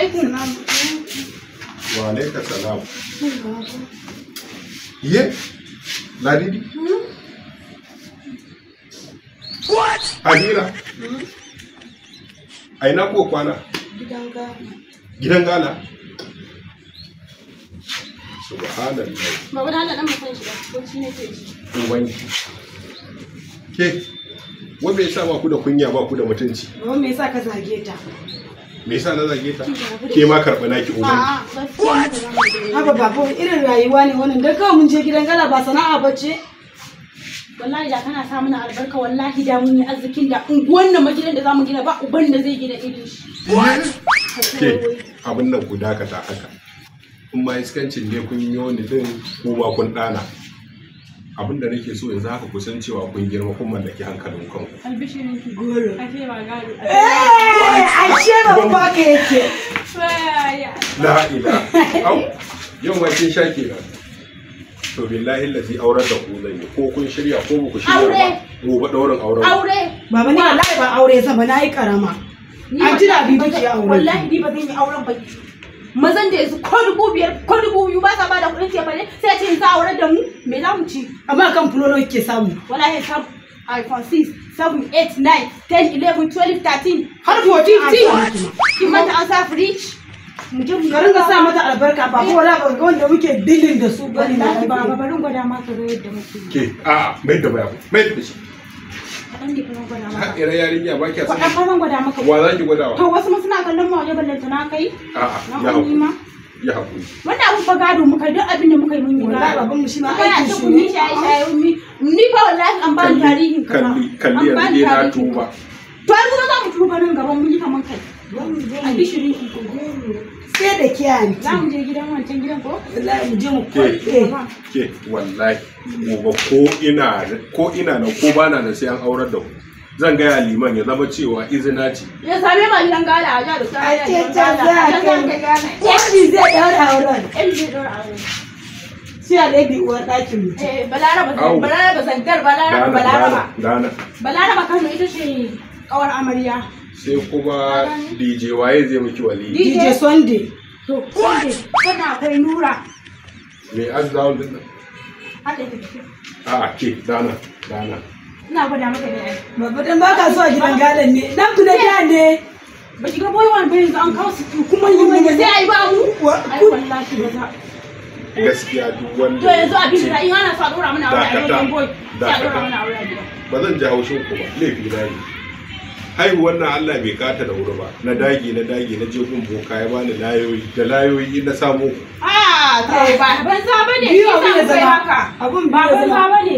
alaikum. Wa alaikum Iye? Hmm. Ladidi? Hmm? What? Halira? Hmm. ko kwana? Gidan gala. subhana gala? Subhanallah. Baba da mutan shi ba, ko shi ne ke Ke, wa me yasa ba ku da kunya ba ku da mutunci? Wa me yasa ka zage ta? me yasa na zage ta ke ma karɓi naki umarni haka babu irin rayuwa ne wannan dan kawai mun je gidan gala ba sana'a ba ce. wallahi da kana sa mana albarka wallahi da mun yi arzikin da wannan nan magidan da zamu gina ba uban da zai gina irin shi ke abin nan ku dakata haka in ma iskancin ne kun yi wani din ko ba kun dana abin da nake so yanzu haka kusan cewa kun girma kun mallaki hankalin kanku albishirin ki goro eh, ashe ba gado ashe ba ba ka yake la ila au yau wace sha ke nan to billahi lazi auren da ku zan yi ko kun shirya ko ba ku shirya ba gobe daurin auren aure baba ni wallahi ba aure zan nayi karama an jira bibi ki aure wallahi ni ba zan yi auren ba mazan da yanzu ko dubu biyar ko dubu biyu ba sa ba da kuɗin ce bane sai ce za a da mu me za mu ci amma kan fulolo kike samu wala ya samu iphone six seven eight nine ten eleven twelve thirteen. har ci ki mata an sa fridge mu mu sa mata albarka ba ko wala ga wanda muke dilin da su bane na ba ba ringa da ma ga yadda muke ke a mai da baya mai da shi Haɗira yarinya ba kya sani. Kwaɗa gwada maka. Wa za ki wa? To wasu mun suna kallon mu waje ballanta na kai. A'a ya haƙuri. Ya haƙuri. Wannan abin fa gado muka duk abin da muka yi mun yi gado. babanmu shi ma aikin shi ne. Kai a ni ni fa wallahi an ba ni tarihin ka. Kalli yanzu dai na tuba. To yanzu za mu tuba nan gaban mun yi kaman kai. Albishiri. Sai da kiyani. Za mu je gidan wancan. wallahi mu je mu kwalle ke wallahi gobe ko ina ko ina na ko bana na sai an aurar da ku zan gaya liman ya zama cewa izina ce ya same ma gidan gala a da sai ya ce ta za ka MD zai daura auren MD zai daura auren shi a lady uwar ɗakin mutum eh balaraba balaraba zangar balaraba balaraba balaraba kano ita ce kawar amarya sai kuma DJ waye zai miki wali DJ Sunday To, kada akwai nura. Me an zawon din nan? a tafi. A'a ke, dana, dana. Ina gwada maka ne ai. Babba dan ka zuwa gidan galan ne. Dan ku na da ne. Ba ki ga boy wan bai an kawo su kuma yi mun sai ai ba mu. Ai wallahi ba za. Gaskiya duk wanda. To yanzu abin da in ana so a dora mana a gidan boy. a ka. Ba zan ji haushin ku ba. Laifi na ne. haihuwar na Allah bai kata da wuri ba na dage na dage na je gun boka ya bani layoyi da layoyi na samu a kai ba ban za bane ki san kai haka abun ba ban za bane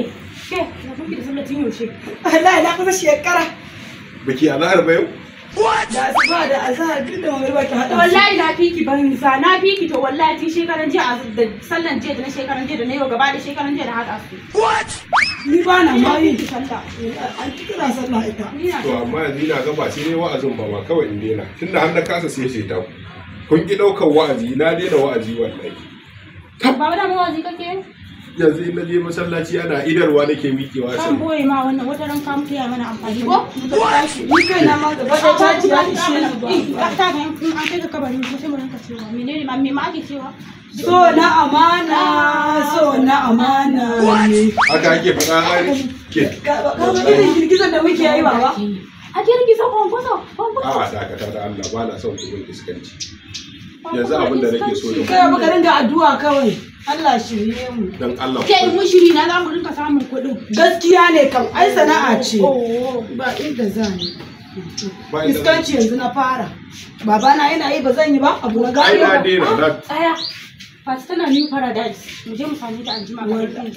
ke na kuki da sallatin yaushe Allah na kusa shekara biki azhar ba yau da asuba da azhar duk da magariba ki hada wallahi na fiki ban za na fiki to wallahi tun shekaran jiya a sallan jiya da na shekaran jiya da na yau gaba da shekaran jiya da hada su what ni ba na ma yin sallah an kira sallah ita to amma yanzu ina ga ba sai ne wa'azin ba ma kawai in daina tunda har na kasa sai ce ta kun ki daukar wa'azi na daina wa'azi wallahi ba wani wa'azi kake yanzu in je masallaci ana idarwa nake mikewa sai kan boye ma wannan wata ran kan kiya mana amfani ko ni kai na ma da da ta ji ba shi ba ta ga in an kai ga kabari ko sai mu ranka cewa menene ma me ma ake cewa so na amana so na amana ne haka ake faɗa hari ke ka ba ka ne girgizan da muke yi baba a ke girgizan kwankwasa kwankwasa a ka ta Allah ba na son ku iskanci yanzu abin da nake so da kai baka dinga addu'a kawai Allah shirye mu dan Allah kai mu shiri na za mu rinka samun kuɗin gaskiya ne kam ai sana'a ce oh, ba inda za ni iskanci yanzu na fara babana yana yi ba zan yi ba abu na gari ba ah, tsaya Fastana New Paradise. Mu je mu sami da anjima.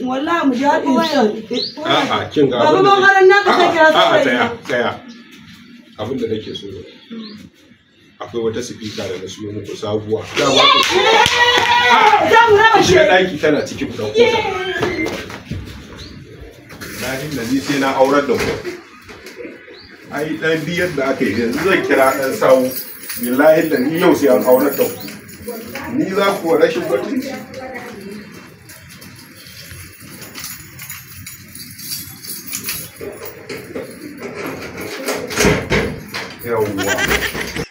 Wallahi mu je haɗin su. A'a kin ga. Babu ban haran naka sai kira su. A'a tsaya tsaya. Abin da nake so. akwai wata sifika da na suna muku sabuwa za mu raba shi ah! ɗaki tana cikin ku Na yi na ni sai na aurar da ku ai ɗan biyar da aka yi yanzu zan kira ɗan sawu billahi da ni yau sai an aurar da ku ni za ku rashin mutunci yawwa